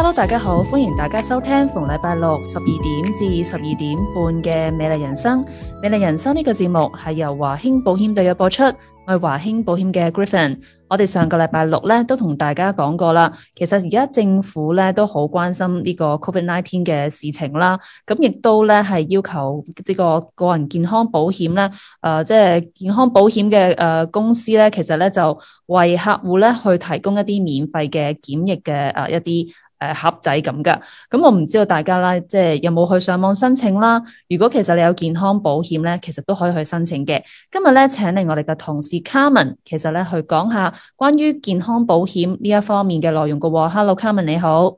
Hello，大家好，歡迎大家收聽逢禮拜六十二點至十二點半嘅美麗人生。美麗人生呢個節目係由華興保險隊嘅播出，我係華興保險嘅 Griffin。我哋上個禮拜六咧都同大家講過啦，其實而家政府咧都好關心呢個 Covid-19 嘅事情啦，咁亦都咧係要求呢個個人健康保險咧，誒、呃，即係健康保險嘅誒公司咧，其實咧就為客戶咧去提供一啲免費嘅檢疫嘅誒一啲。誒盒仔咁噶，咁我唔知道大家啦，即係有冇去上網申請啦。如果其實你有健康保險咧，其實都可以去申請嘅。今日咧請嚟我哋嘅同事 Carmen，其實咧去講下關於健康保險呢一方面嘅內容嘅。Hello，Carmen 你好。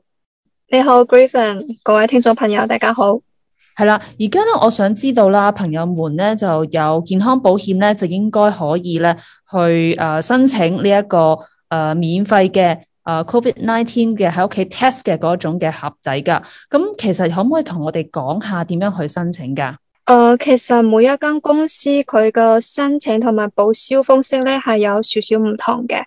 你好 Griffin，各位聽眾朋友大家好。係啦，而家咧我想知道啦，朋友們咧就有健康保險咧，就應該可以咧去誒、呃、申請呢、這、一個誒、呃、免費嘅 Covid Nineteen 嘅喺屋企 test 嘅嗰種嘅盒仔噶，咁其實可唔可以同我哋講下點樣去申請噶？誒，其實每一間公司佢嘅申請同埋報銷方式咧係有少少唔同嘅。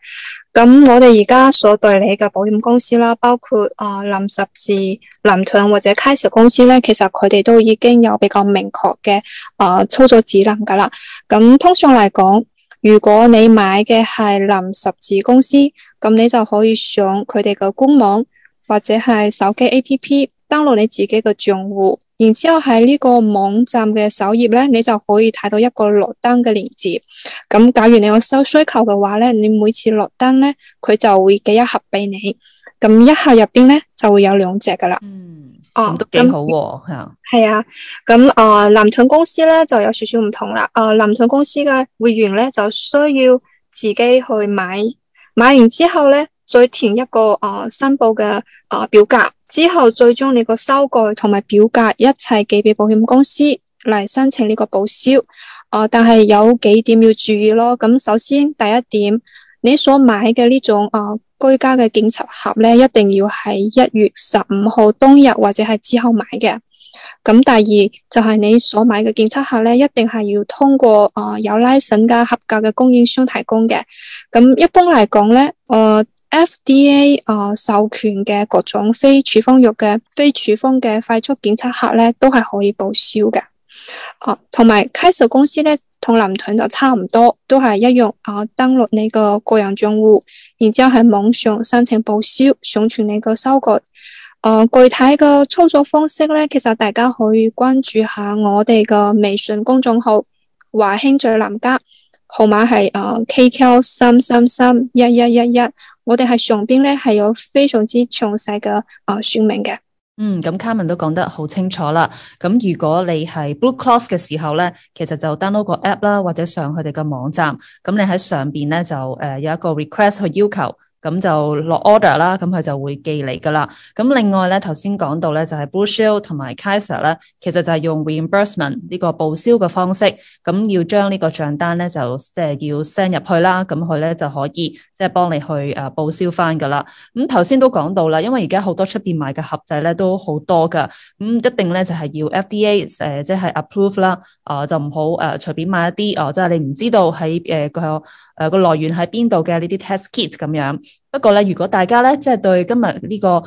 咁我哋而家所代理嘅保險公司啦，包括誒、呃、林十字、林盾或者 Kaiser 公司咧，其實佢哋都已經有比較明確嘅誒操作指南噶啦。咁通常嚟講。如果你買嘅係林十字公司，咁你就可以上佢哋嘅官網或者係手機 APP 登錄你自己嘅賬戶，然之後喺呢個網站嘅首頁呢，你就可以睇到一個落單嘅鏈接。咁假如你有需需求嘅話呢，你每次落單呢，佢就會寄一盒俾你。咁一盒入邊呢，就會有兩隻噶啦。嗯。哦，都幾好係啊，係啊，咁、呃、啊，藍盾公司咧就有少少唔同啦。啊、呃，藍盾公司嘅會員咧就需要自己去買，買完之後咧再填一個啊、呃、申報嘅啊、呃、表格，之後最終你個收據同埋表格一齊寄俾保險公司嚟申請呢個報銷。啊、呃，但係有幾點要注意咯。咁、呃、首先第一點，你所買嘅呢種啊。呃居家嘅檢測盒呢，一定要喺一月十五號當日或者係之後買嘅。咁第二就係、是、你所買嘅檢測盒呢，一定係要通過誒、呃、有拉審嘅合格嘅供應商提供嘅。咁一般嚟講呢、呃、FDA 誒、呃、授權嘅各種非處方藥嘅非處方嘅快速檢測盒呢，都係可以報銷嘅。同埋 c a s o、啊、公司咧，同林盾就差唔多，都係一樣。啊、呃，登錄你個個人賬戶，然之後喺網上申請報銷，上傳你個收據。具、呃、體嘅操作方式咧，其實大家可以關注下我哋嘅微信公眾號華興在南家，號碼係 KQ 三三三一一一一。呃、K K 11 11, 我哋係上邊咧係有非常之詳細嘅說明嘅。嗯，咁 Carmen 都講得好清楚啦。咁如果你係 Blue Cross 嘅時候咧，其實就 download 個 app 啦，或者上佢哋嘅網站。咁你喺上邊咧就誒有一個 request 去要求。咁就落 order 啦，咁佢就會寄嚟噶啦。咁另外咧，頭先講到咧就係 Blue Shield 同埋 Kaiser 咧，其實就係用 reimbursement 呢個報銷嘅方式，咁要將呢個帳單咧就即係、就是、要 send 入去啦，咁佢咧就可以即係、就是、幫你去誒、啊、報銷翻噶啦。咁頭先都講到啦，因為而家好多出邊買嘅盒仔咧都好多噶，咁一定咧就係、是、要 FDA 誒、呃、即係 approve 啦，啊就唔好誒隨便買一啲哦，即、呃、係、就是、你唔知道喺誒個。呃呃誒、呃這個來源喺邊度嘅呢啲 test kit 咁樣。不過咧，如果大家咧即係對今日、這個呃、呢個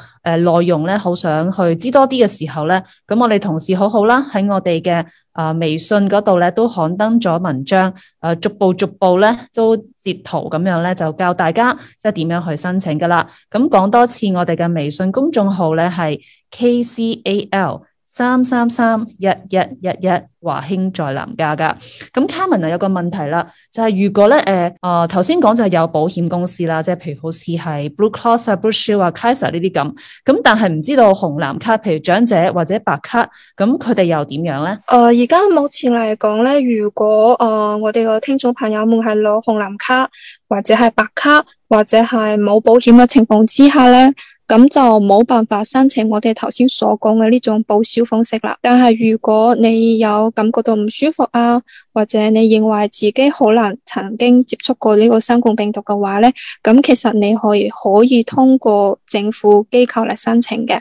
誒內容咧，好想去知多啲嘅時候咧，咁我哋同事好好啦，喺我哋嘅誒微信嗰度咧都刊登咗文章，誒、呃、逐步逐步咧都截圖咁樣咧，就教大家即係點樣去申請㗎喇。咁、嗯、講多次，我哋嘅微信公眾號咧係 KCAL。三三三日日日日華興在南加噶。咁卡文 m 啊，有個問題啦，就係、是、如果咧，誒啊頭先講就係有保險公司啦，即係譬如好似係 Blue Cross 啊、Blue Shield 啊、Kaiser 呢啲咁。咁但係唔知道紅藍卡，譬如長者或者白卡，咁佢哋又點樣咧？誒、呃，而家目前嚟講咧，如果誒、呃、我哋個聽眾朋友們係攞紅藍卡或者係白卡或者係冇保險嘅情況之下咧。咁就冇辦法申請我哋頭先所講嘅呢種報銷方式啦。但係如果你有感覺到唔舒服啊，或者你認為自己可能曾經接觸過呢個新冠病毒嘅話呢，咁其實你可以可以通過政府機構嚟申請嘅。誒、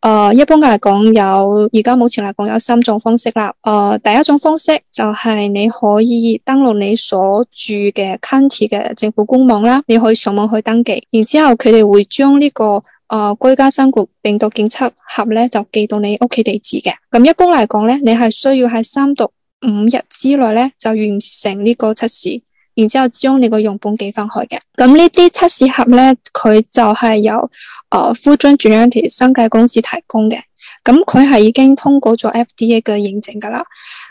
呃，一般嚟講有而家目前嚟講有三種方式啦。誒、呃，第一種方式就係你可以登錄你所住嘅 county 嘅政府官網啦，你可以上網去登記，然之後佢哋會將呢個誒，居、呃、家新冠病毒檢測盒咧就寄到你屋企地址嘅。咁、嗯、一般嚟講咧，你係需要喺三到五日之內咧就完成呢個測試，然之後將你個樣本寄翻去嘅。咁呢啲測試盒咧，佢就係由誒，Fulgent Genetics 生界公司提供嘅。咁佢係已經通過咗 FDA 嘅認證噶啦。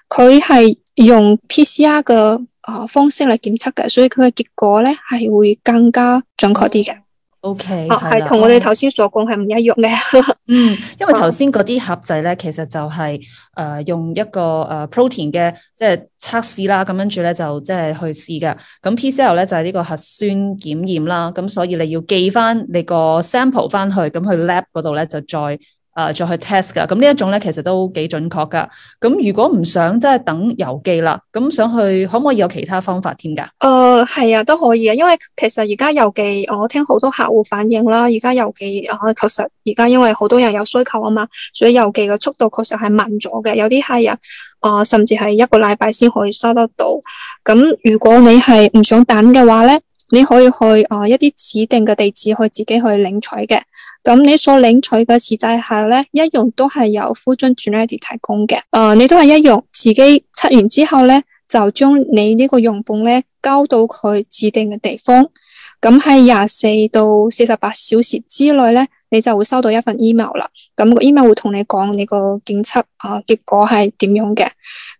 佢係用 PCR 嘅誒、呃、方式嚟檢測嘅，所以佢嘅結果咧係會更加準確啲嘅。O K，係同我哋頭先所講係唔一樣嘅，嗯， 因為頭先嗰啲盒仔咧，其實就係、是、誒、呃、用一個誒、呃、protein 嘅即係測試啦，咁跟住咧就即係去試嘅，咁 PCR 咧就係、是、呢個核酸檢驗啦，咁所以你要寄翻你個 sample 翻去，咁去 lab 嗰度咧就再。啊，再去 test 噶，咁呢一種咧其實都幾準確噶。咁如果唔想即係等郵寄啦，咁想去可唔可以有其他方法添噶？誒，係啊，都可以啊，因為其實而家郵寄，我聽好多客戶反映啦，而家郵寄啊，確實而家因為好多人有需求啊嘛，所以郵寄嘅速度確實係慢咗嘅，有啲客人啊，甚至係一個禮拜先可以收得到。咁、呃、如果你係唔想等嘅話咧，你可以去啊、呃、一啲指定嘅地址去自己去領取嘅。呃咁你所領取嘅試劑盒咧，一樣都係由 Fulgent Genetics 提供嘅。誒、呃，你都係一樣，自己測完之後咧，就將你呢個樣本咧交到佢指定嘅地方。咁喺廿四到四十八小時之內咧，你就會收到一份 email 啦。咁、嗯、email 會同你講你個檢測啊結果係點樣嘅。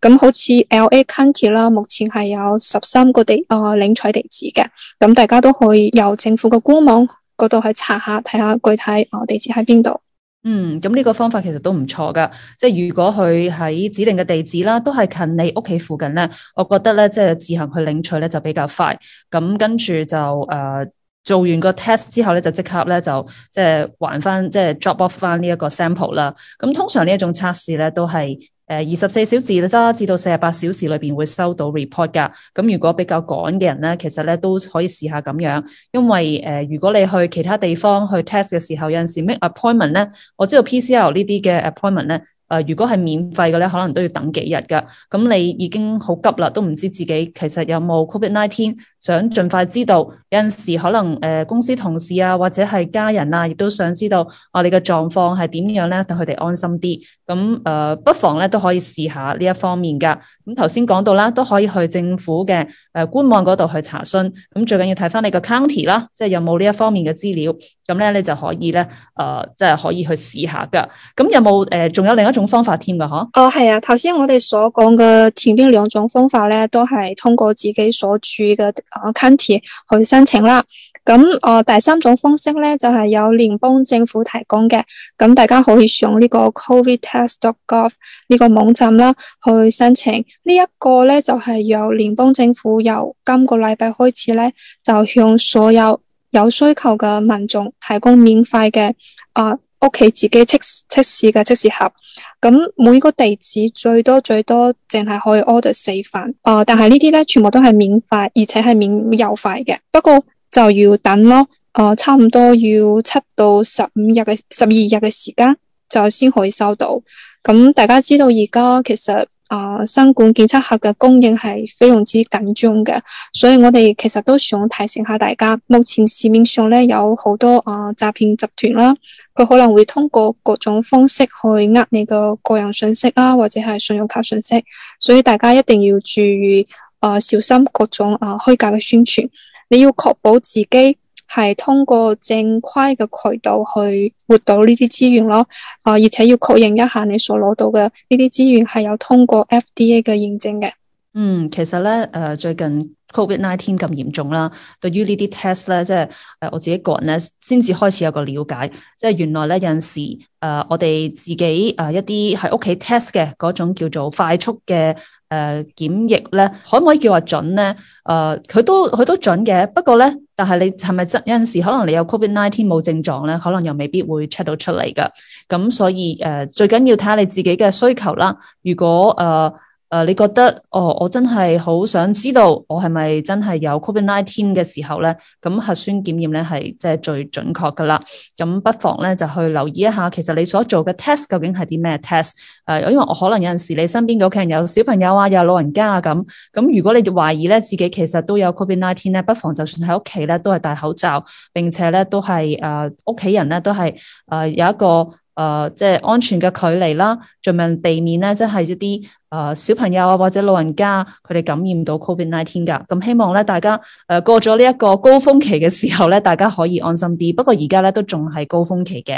咁、嗯、好似 L A County 啦，目前係有十三個地啊、呃、領取地址嘅。咁、嗯、大家都可以由政府嘅官網。嗰度去查下，睇下具體我地址喺邊度。嗯，咁、這、呢個方法其實都唔錯噶。即係如果佢喺指定嘅地址啦，都係近你屋企附近咧，我覺得咧即係自行去領取咧就比較快。咁跟住就誒。呃做完個 test 之後咧，就即刻咧就即係還翻，即係 drop off 翻呢一個 sample 啦。咁通常呢一種測試咧，都係誒二十四小時啦，至到四十八小時裏邊會收到 report 噶。咁如果比較趕嘅人咧，其實咧都可以試下咁樣，因為誒、呃、如果你去其他地方去 test 嘅時候，有陣時 make appointment 咧，我知道 PCL 呢啲嘅 appointment 咧。誒，如果係免費嘅咧，可能都要等幾日㗎。咁你已經好急啦，都唔知自己其實有冇 Covid Nineteen，想盡快知道。有陣時可能誒，公司同事啊，或者係家人啊，亦都想知道你嘅狀況係點樣咧，等佢哋安心啲。咁誒，不妨咧都可以試下呢一方面㗎。咁頭先講到啦，都可以去政府嘅誒，官網嗰度去查詢。咁最緊要睇翻你嘅 county 啦，即係有冇呢一方面嘅資料。咁咧，你就可以咧誒，即係可以去試下㗎。咁有冇誒？仲有另一種方法添㗎嚇？哦係啊，頭先我哋所講嘅前邊兩種方法咧，都係通過自己所住嘅啊 county 去申請啦。咁、嗯、啊、呃、第三種方式咧，就係、是、有聯邦政府提供嘅。咁、嗯、大家可以上呢個 covidtest.gov 呢個網站啦，去申請。這個、呢一個咧，就係、是、由聯邦政府由今個禮拜開始咧，就向所有有需求嘅民眾提供免費嘅啊。呃屋企自己測測試嘅測試盒，咁每個地址最多最多淨係可以 order 四份。哦、呃，但係呢啲呢，全部都係免費，而且係免郵費嘅。不過就要等咯，誒、呃，差唔多要七到十五日嘅十二日嘅時間就先可以收到。咁、嗯、大家知道而家其實。啊！新冠檢測盒嘅供應係非常之緊張嘅，所以我哋其實都想提醒下大家，目前市面上呢有好多啊詐騙集團啦，佢可能會通過各種方式去呃你嘅個人信息啦，或者係信用卡信息，所以大家一定要注意啊，小心各種啊虛假嘅宣傳，你要確保自己。係通過正規嘅渠道去獲得呢啲資源咯，啊、呃、而且要確認一下你所攞到嘅呢啲資源係有通過 FDA 嘅認證嘅。嗯，其實咧，誒、呃、最近 Covid nineteen 咁嚴重啦，對於呢啲 test 咧，即係誒我自己個人咧，先至開始有個了解，即係原來咧有陣時，誒、呃、我哋自己誒、呃、一啲喺屋企 test 嘅嗰種叫做快速嘅。誒、呃、檢疫咧，可唔可以叫話準咧？誒、呃，佢都佢都準嘅，不過咧，但係你係咪真有陣時可能你有 Covid Nineteen 冇症狀咧，可能又未必會 check 到出嚟嘅。咁所以誒、呃，最緊要睇下你自己嘅需求啦。如果誒，呃誒，你覺得哦，我真係好想知道我是是，我係咪真係有 Covid Nineteen 嘅時候咧？咁核酸檢驗咧係即係最準確㗎喇。咁不妨咧就去留意一下，其實你所做嘅 test 究竟係啲咩 test？誒，因為我可能有陣時你身邊嘅屋企人有小朋友啊，有老人家啊咁。咁如果你懷疑咧自己其實都有 Covid Nineteen 咧，19，不妨就算喺屋企咧都係戴口罩，並且咧都係誒屋企人咧都係誒、呃、有一個誒即係安全嘅距離啦，盡量避免咧即係一啲。誒、呃、小朋友啊，或者老人家，佢哋感染到 Covid nineteen 㗎，咁、嗯、希望咧大家誒、呃、過咗呢一個高峰期嘅時候咧，大家可以安心啲。不過而家咧都仲係高峰期嘅。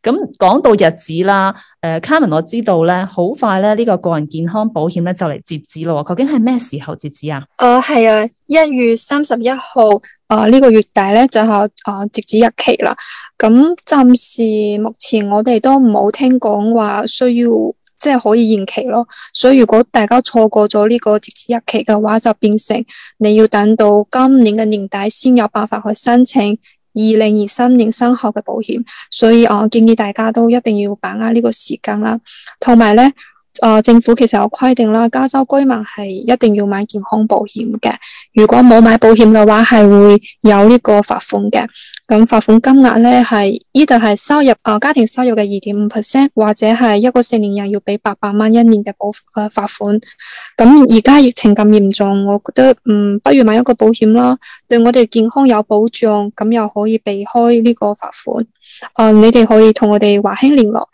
咁、嗯、講到日子啦，誒 Carman 我知道咧，好快咧呢、這個個人健康保險咧就嚟截止啦喎，究竟係咩時候截止啊？誒係、呃、啊，一月三十一號，誒、呃、呢、這個月底咧就係誒、呃、截止日期啦。咁暫時目前我哋都冇聽講話需要。即係可以延期咯，所以如果大家錯過咗呢個截止日期嘅話，就變成你要等到今年嘅年底先有辦法去申請二零二三年生效嘅保險。所以，我建議大家都一定要把握呢個時間啦。同埋呢誒、呃，政府其實有規定啦，加州居民係一定要買健康保險嘅。如果冇買保險嘅話，係會有呢個罰款嘅。咁罰款金額呢，係呢度係收入誒、呃、家庭收入嘅二點五 percent，或者係一個成年人要俾八百蚊一年嘅保誒罰、呃、款。咁而家疫情咁嚴重，我覺得唔、呃、不如買一個保險啦，對我哋健康有保障，咁又可以避開呢個罰款。誒、呃，你哋可以同我哋華興聯絡。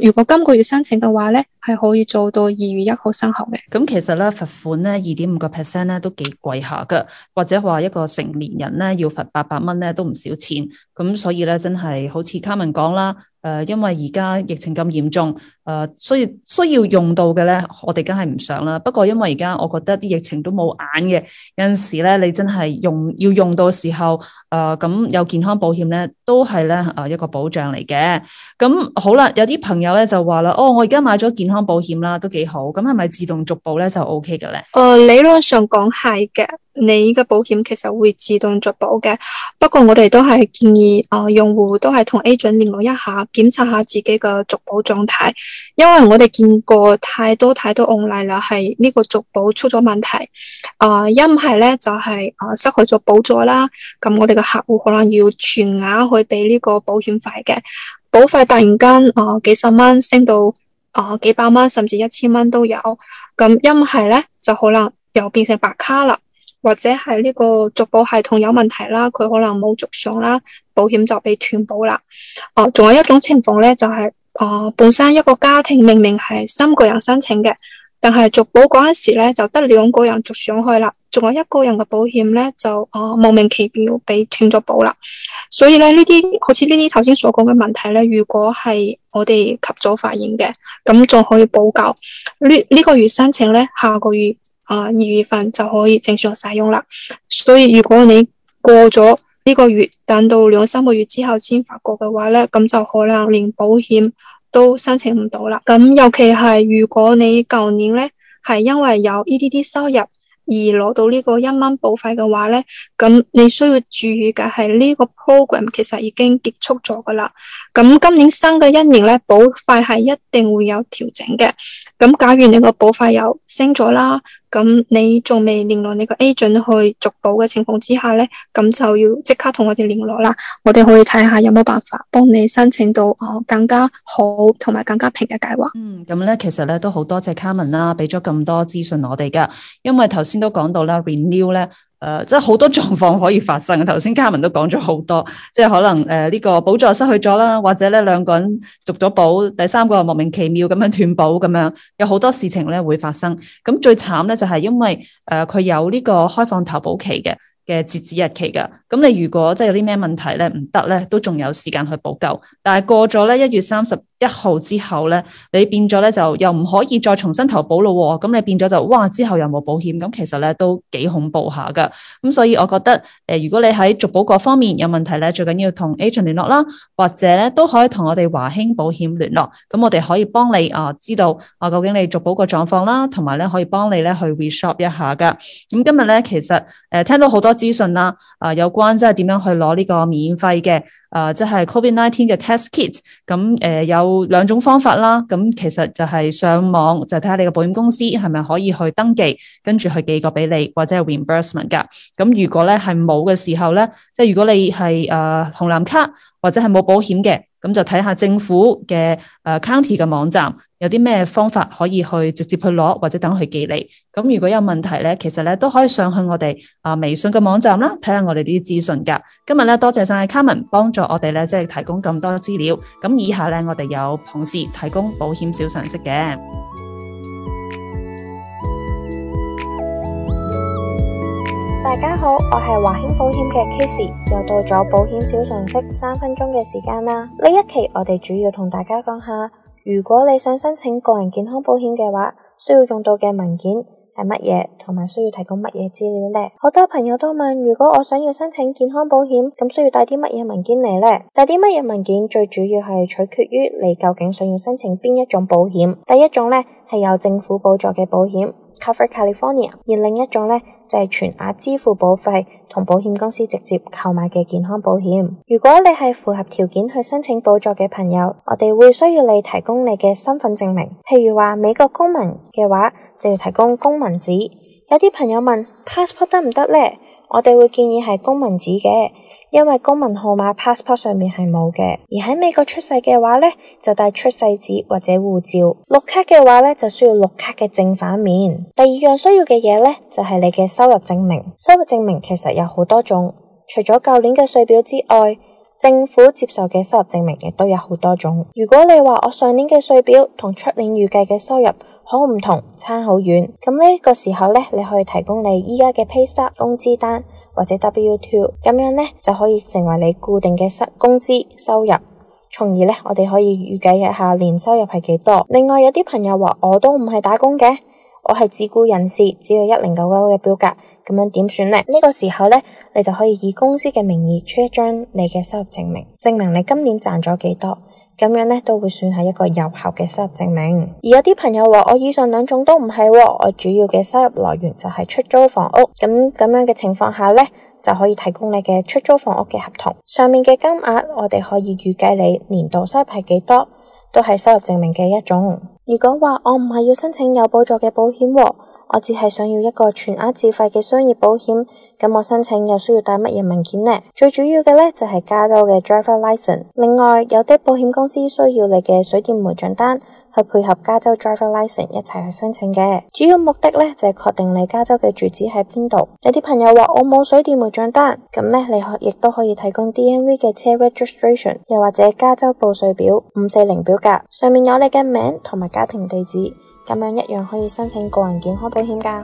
如果今個月申請嘅話呢，係可以做到二月一號生效嘅。咁其實咧，罰款咧二點五個 percent 都幾貴下噶，或者話一個成年人咧要罰八百蚊都唔少錢。咁所以咧，真係好似卡文講啦。誒、呃，因為而家疫情咁嚴重，誒、呃，所以需要用到嘅咧，我哋梗係唔想啦。不過因為而家我覺得啲疫情都冇眼嘅，有陣時咧，你真係用要用到時候，誒、呃，咁有健康保險咧，都係咧誒一個保障嚟嘅。咁好啦，有啲朋友咧就話啦，哦，我而家買咗健康保險啦，都幾好。咁係咪自動續保咧就 OK 嘅咧？誒、呃，理論上講係嘅。你嘅保險其實會自動續保嘅，不過我哋都係建議啊、呃、用戶都係同 agent 聯絡一下，檢查下自己嘅續保狀態，因為我哋見過太多太多案例啦，係呢個續保出咗問題，啊一唔係咧就係、是、啊、呃、失去咗補助啦，咁我哋嘅客戶可能要全額去俾呢個保險費嘅，保費突然間啊、呃、幾十蚊升到啊、呃、幾百蚊甚至一千蚊都有，咁一唔係咧就可能又變成白卡啦。或者係呢個續保系統有問題啦，佢可能冇續上啦，保險就被斷保啦。哦、呃，仲有一種情況咧，就係、是、啊、呃、本身一個家庭明明係三個人申請嘅，但係續保嗰陣時咧就得兩個人續上去啦，仲有一個人嘅保險咧就啊、呃、莫名其妙被斷咗保啦。所以咧呢啲好似呢啲頭先所講嘅問題咧，如果係我哋及早發現嘅，咁仲可以補救。呢、這、呢個月申請咧，下個月。啊，二、uh, 月份就可以正常使用啦。所以如果你過咗呢個月，等到兩三個月之後先發覺嘅話咧，咁就可能連保險都申請唔到啦。咁尤其係如果你舊年咧係因為有呢啲啲收入而攞到呢個一蚊保費嘅話咧，咁你需要注意嘅係呢個 program 其實已經結束咗噶啦。咁今年新嘅一年咧，保費係一定會有調整嘅。咁假如你個保費又升咗啦。咁你仲未聯絡你個 agent 準去續保嘅情況之下呢，咁就要即刻同我哋聯絡啦。我哋可以睇下有冇辦法幫你申請到更加好同埋更加平嘅計劃。嗯，咁咧其實咧都好多謝卡文啦，俾咗咁多資訊我哋噶。因為頭先都講到啦，Renew 咧。Re 誒、呃，即係好多狀況可以發生。頭先嘉文都講咗好多，即係可能誒呢、呃這個補助失去咗啦，或者咧兩個人續咗保，第三個莫名其妙咁樣斷保咁樣，有好多事情咧會發生。咁最慘咧就係因為誒佢、呃、有呢個開放投保期嘅嘅截止日期噶。咁你如果即係有啲咩問題咧唔得咧，都仲有時間去補救。但係過咗咧一月三十。一號之後咧，你變咗咧就又唔可以再重新投保咯喎、啊，咁你變咗就哇之後又冇保險，咁其實咧都幾恐怖下噶。咁所以我覺得誒、呃，如果你喺續保嗰方面有問題咧，最緊要同 agent 聯絡啦，或者咧都可以同我哋華興保險聯絡，咁我哋可以幫你啊知道啊究竟你續保個狀況啦，同埋咧可以幫你咧去 research 一下噶。咁、嗯、今日咧其實誒、呃、聽到好多資訊啦，啊、呃、有關即係點樣去攞呢個免費嘅啊即係 Covid Nineteen 嘅 test kit，咁、呃、誒、呃呃、有。兩種方法啦，咁其實就係上網就睇、是、下你個保險公司係咪可以去登記，跟住去寄個俾你，或者係 reimbursement 噶。咁如果咧係冇嘅時候咧，即係如果你係誒、呃、紅藍卡或者係冇保險嘅。咁就睇下政府嘅誒、uh, county 嘅網站有啲咩方法可以去直接去攞，或者等佢寄嚟。咁如果有問題咧，其實咧都可以上去我哋啊、uh, 微信嘅網站啦，睇下我哋啲資訊噶。今日呢，多謝曬 Carman 幫助我哋呢，即係提供咁多資料。咁以下呢，我哋有同事提供保險小常識嘅。大家好，我係華興保險嘅 Casey，又到咗保險小常識三分鐘嘅時間啦。呢一期我哋主要同大家講下，如果你想申請個人健康保險嘅話，需要用到嘅文件係乜嘢，同埋需要提供乜嘢資料呢？好多朋友都問，如果我想要申請健康保險，咁需要帶啲乜嘢文件嚟呢？帶啲乜嘢文件最主要係取決於你究竟想要申請邊一種保險。第一種呢，係有政府補助嘅保險。Covered California，而另一種呢，就係、是、全額支付保費同保險公司直接購買嘅健康保險。如果你係符合條件去申請補助嘅朋友，我哋會需要你提供你嘅身份證明，譬如話美國公民嘅話就要提供公民紙。有啲朋友問 Passport 得唔得呢？行行」我哋會建議係公民紙嘅，因為公民號碼 passport 上面係冇嘅。而喺美國出世嘅話咧，就帶出世紙或者護照。綠卡嘅話咧，就需要綠卡嘅正反面。第二樣需要嘅嘢咧，就係你嘅收入證明。收入證明其實有好多種，除咗舊年嘅稅表之外。政府接受嘅收入證明亦都有好多種。如果你話我上年嘅稅表同出年預計嘅收入好唔同，差好遠，咁呢一個時候呢，你可以提供你而家嘅 pay stub 工資單或者 W2，咁樣呢就可以成為你固定嘅工資收入，從而呢，我哋可以預計一下年收入係幾多。另外有啲朋友話我都唔係打工嘅。我係自雇人士，只要有一零九九嘅表格咁樣點算咧？呢、這個時候呢，你就可以以公司嘅名義出一張你嘅收入證明，證明你今年賺咗幾多，咁樣呢，都會算係一個有效嘅收入證明。而有啲朋友話我以上兩種都唔係、哦，我主要嘅收入來源就係出租房屋咁咁樣嘅情況下呢，就可以提供你嘅出租房屋嘅合同上面嘅金額，我哋可以預計你年度收入係幾多，都係收入證明嘅一種。如果話我唔係要申請有補助嘅保險、哦，我只係想要一個全額自費嘅商業保險，咁我申請又需要帶乜嘢文件呢？最主要嘅咧就係、是、加州嘅 driver license，另外有啲保險公司需要你嘅水電煤賬單。去配合加州 driver license 一齊去申請嘅，主要目的咧就係、是、確定你加州嘅住址喺邊度。你啲朋友話我冇水電煤賬單，咁咧你可亦都可以提供 DMV 嘅車 registration，又或者加州報稅表五四零表格，上面有你嘅名同埋家庭地址，咁樣一樣可以申請個人健康保險㗎。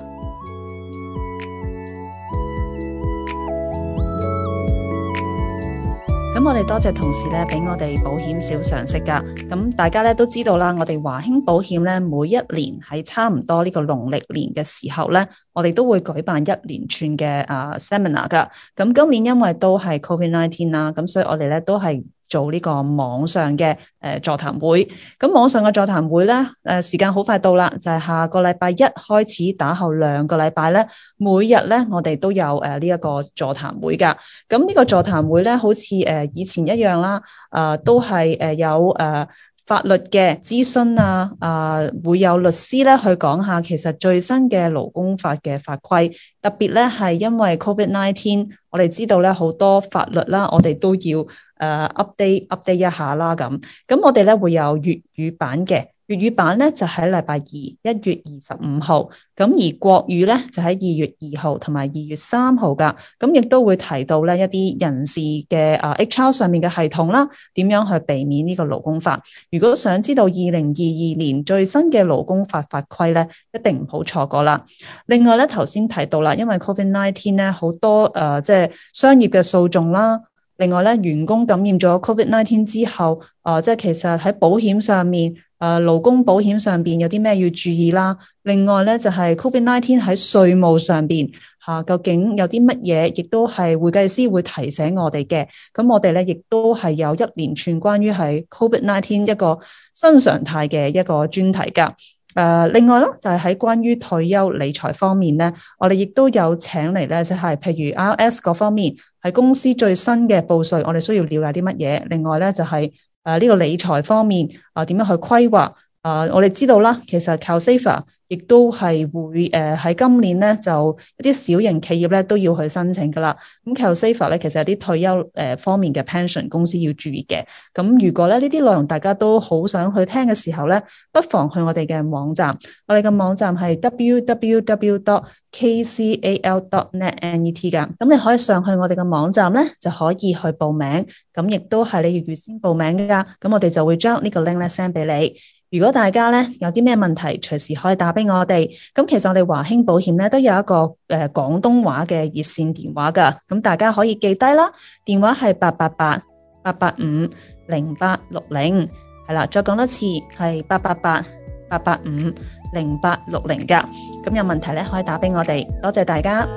我哋多謝同事咧，畀我哋保險小常識㗎。咁大家都知道啦，我哋華興保險每一年喺差唔多呢個農曆年嘅時候，我哋都會舉辦一連串嘅啊 seminar 㗎。咁今年因為都係 Covid 19啦，咁所以我哋咧都係做呢個網上嘅誒、呃、座談會，咁網上嘅座談會咧誒、呃、時間好快到啦，就係、是、下個禮拜一開始打後兩個禮拜咧，每日咧我哋都有誒呢一個座談會㗎，咁呢個座談會咧好似誒、呃、以前一樣啦，啊、呃、都係誒有誒。呃呃法律嘅諮詢啊，啊、呃、會有律師呢去講下，其實最新嘅勞工法嘅法規，特別呢係因為 Covid nineteen，我哋知道呢好多法律啦，我哋都要誒 update update 一下啦咁，咁我哋呢會有粵語版嘅。粵語版咧就喺禮拜二，一月二十五號。咁而國語咧就喺二月二號同埋二月三號㗎。咁亦都會提到咧一啲人事嘅啊 HR 上面嘅系統啦，點樣去避免呢個勞工法。如果想知道二零二二年最新嘅勞工法法規咧，一定唔好錯過啦。另外咧頭先提到啦，因為 COVID-19 咧好多誒、呃，即係商業嘅訴訟啦。另外咧員工感染咗 COVID-19 之後，誒、呃、即係其實喺保險上面。誒，勞、呃、工保險上邊有啲咩要注意啦？另外咧就係、是、Covid nineteen 喺稅務上邊吓、啊，究竟有啲乜嘢，亦都係會計師會提醒我哋嘅。咁我哋咧亦都係有一連串關於喺 Covid nineteen 一個新常態嘅一個專題噶。誒、呃，另外啦，就係、是、喺關於退休理財方面咧，我哋亦都有請嚟咧，即、就、係、是、譬如 RS 嗰方面，係公司最新嘅報稅，我哋需要了解啲乜嘢？另外咧就係、是。啊！呢、這個理財方面，啊，點樣去規劃？啊！Uh, 我哋知道啦，其實 CalSaver 亦都係會誒喺、呃、今年咧，就一啲小型企業咧都要去申請噶啦。咁 CalSaver 咧，其實有啲退休誒方面嘅 pension 公司要注意嘅。咁如果咧呢啲內容大家都好想去聽嘅時候咧，不妨去我哋嘅網站。我哋嘅網站係 www.kcal.net.net 噶。咁你可以上去我哋嘅網站咧，就可以去報名。咁亦都係你要預先報名噶。咁我哋就會將呢個 link 咧 send 俾你。如果大家咧有啲咩問題，隨時可以打俾我哋。咁其實我哋華興保險咧都有一個誒廣東話嘅熱線電話噶，咁大家可以記低啦。電話係八八八八八五零八六零，係啦，再講多次係八八八八八五零八六零噶。咁有問題呢，可以打俾我哋，多謝大家。